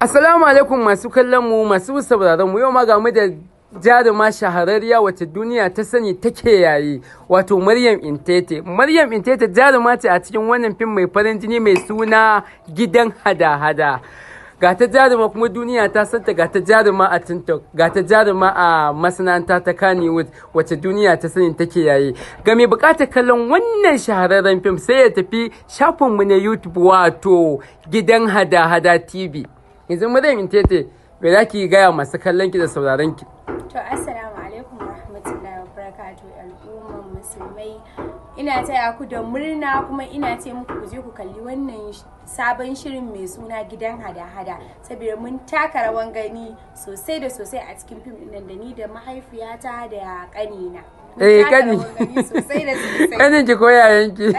Assalamu alaikum masu kallon mu masu sauraron mu yau ma ga mu da jaruma shahararriya wacce duniya ta sani take yayi wato Maryam Intete. Maryam Intete jaruma ce a cikin wannan fim mai farin jini mai suna gidan hada-hada. ga ta jaruma kuma duniya ta santa ga ta jaruma a TikTok ga ta jaruma a masana'anta ta Kannywood wacce duniya ta sani take yayi ga mai bukatar kallon wannan shahararren fim sai ya tafi shafinmu na YouTube wato gidan hada-hada TV yanzu maryam intete me za ki gaya masu kallon ki da sauraron ki to assalamu alaikum warahmatullahi wabarakatuh al'ummar musulmai ina taya ku da murna kuma ina ce muku ku je ku kalli wannan sabon shirin mai suna gidan hada-hada saboda mun taka rawan gani sosai da sosai a cikin fim ɗin da ni da mahaifiyata da ƙanina. eh kani Kani ki koyayen ki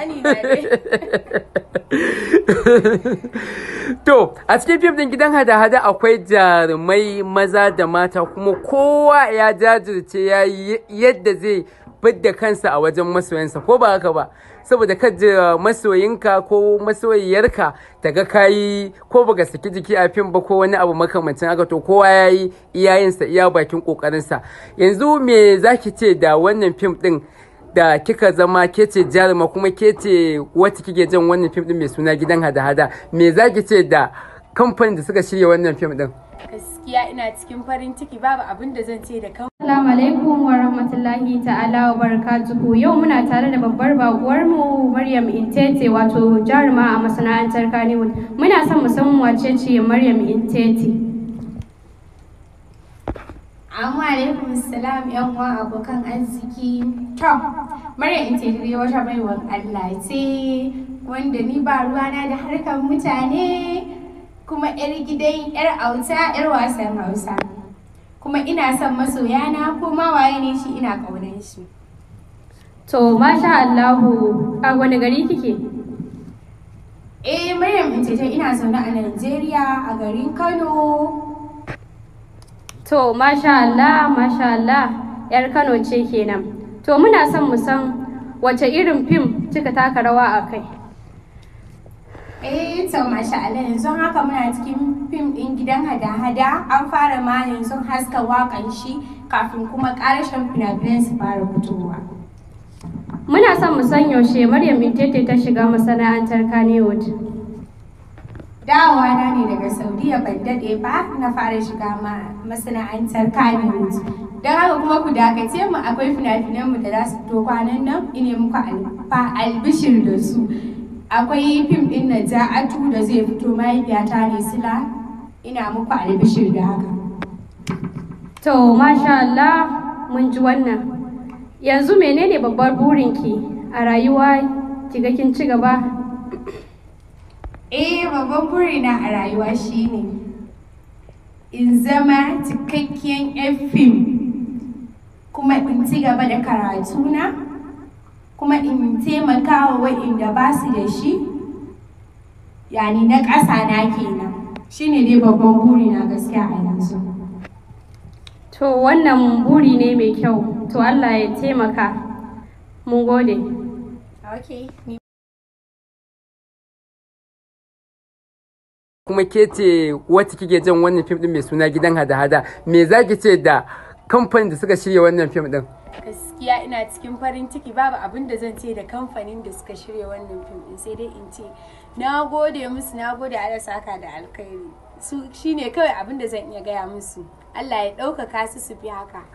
To, a cikin fim ɗin gidan hada-hada akwai jarumai maza da mata kuma kowa ya jajirce ya yadda zai fidda kansa a wajen masoyansa ko ba haka ba. Saboda ka jira masoyinka ko masoyiyarka ta ga kayi ko baka saki jiki a fim ba ko wani abu makamancin haka to kowa ya yi iyayensa iya bakin kokarinsa. Yanzu me zaki ce da wannan fim din da kika zama ke ce jaruma kuma ke ce kike jan wannan fim din mai suna gidan hada-hada me za ki ce da kamfanin da suka shirya wannan fim din gaskiya ina cikin farin ciki babu abin da zan ce da kawai Assalamu alaikum wa rahmatullahi ta'ala wa barakatuhu yau muna tare da babbar baguwar mu Maryam Intete wato jaruma a masana'antar Kannywood muna son mu wacece wace Maryam Intete Amma alaikum salam yan uwa abokan arziki. To, Maryam ita dai wata baiwar Allah ce wanda ni ba ruwana da harkar mutane kuma yar gidan yar auta yar wasan Hausa. Kuma ina son masoyana ko ma waye ne shi ina kaunan shi. To, masha Allahu, a wani gari kike? Eh, Maryam ita ina zaune a Najeriya a garin Kano. to masha Allah masha Allah yar Kano ce kenan to muna son mu san wace irin fim cika taka rawa a kai eh to masha Allah yanzu haka muna cikin fim din gidan hada-hada an fara ma yanzu haska wakan shi kafin kuma karashin finafinan su fara fitowa muna son mu san yaushe Maryam Intete ta shiga masana'antar Kannywood. dawowa na ne daga saudiya ban daɗe ba na fara shiga masana'antar kanewood don haka kuma ku dakace mu akwai fina-finan mu da za su fito kwanan nan ine muku albishir da su akwai fim ɗin na ja'atu da zai fito mahaifiyata ne sila ina muku albishir da haka to masha Allah mun ji wannan yanzu menene babbar burinki a rayuwa kiga kin ci gaba eh babban burina a rayuwa shine in zama cikakken yan fim kuma in ci gaba da karatuna kuma in taimaka wa wa'inda ba su da shi yani na ƙasa na kenan shine dai babban burina gaskiya a yanzu to wannan buri ne mai kyau to allah ya taimaka mun gode okay. kuma ke ce wata kike jan wannan fim din mai suna gidan hada-hada me za ki ce da kamfanin da suka shirya wannan fim din gaskiya ina cikin farin ciki babu abin da zan ce da kamfanin da suka shirya wannan fim din sai dai in ce na gode musu na gode ala saka da alkhairi su shine kawai abin da zan iya gaya musu Allah ya ɗaukaka su su bi haka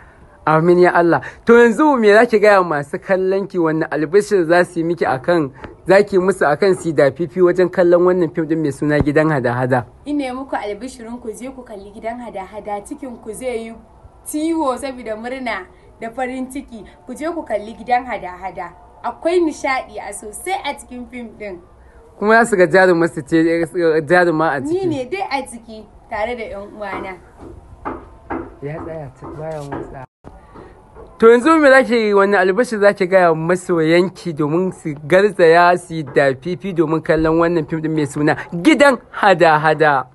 amin ya Allah to yanzu me zaki ki gaya masu kallon ki wannan albishir za su yi miki akan za ki musu akan si da fifi wajen kallon wannan fim din mai suna gidan hada-hada. Ina muku albishirin ku je ku kalli gidan hada-hada cikin ku zai yi ciwo saboda murna da farin ciki ku je ku kalli gidan hada-hada. Akwai nishadi a sosai a cikin fim din. Kuma za su ga jaruma su ce jaruma a ciki. Ni ne dai a ciki tare da 'yan uwana. Ya tsaya baya motsa. To yanzu me zaki wani albashi zaki gaya masoyanki domin su garzaya su yi dafifi domin kallon wannan fim din mai suna gidan hada-hada.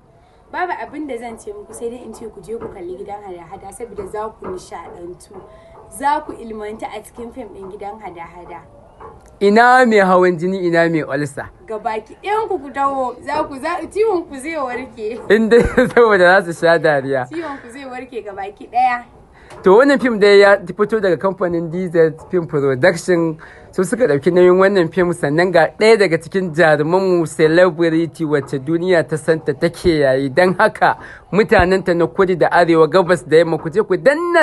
Babu abin da zan ce muku sai dai in ce ku je ku kalli gidan hada-hada saboda za ku nishadantu. Za ku ilmanta a cikin fim din gidan hada-hada. Ina mai hawan jini ina mai olsa. Ga baki ɗayan ku dawo za ku za ciwon ku zai warke. Inda saboda za su sha dariya. Ciwon ku zai warke ga baki ɗaya. to wannan fim da ya fito daga kamfanin dz film production su suka ɗauki nauyin wannan fim sannan ga ɗaya daga cikin jarumanmu celebrity wacce duniya ta santa take yayi don haka mutanenta na kudu da arewa gabas da yamma ku je ku danna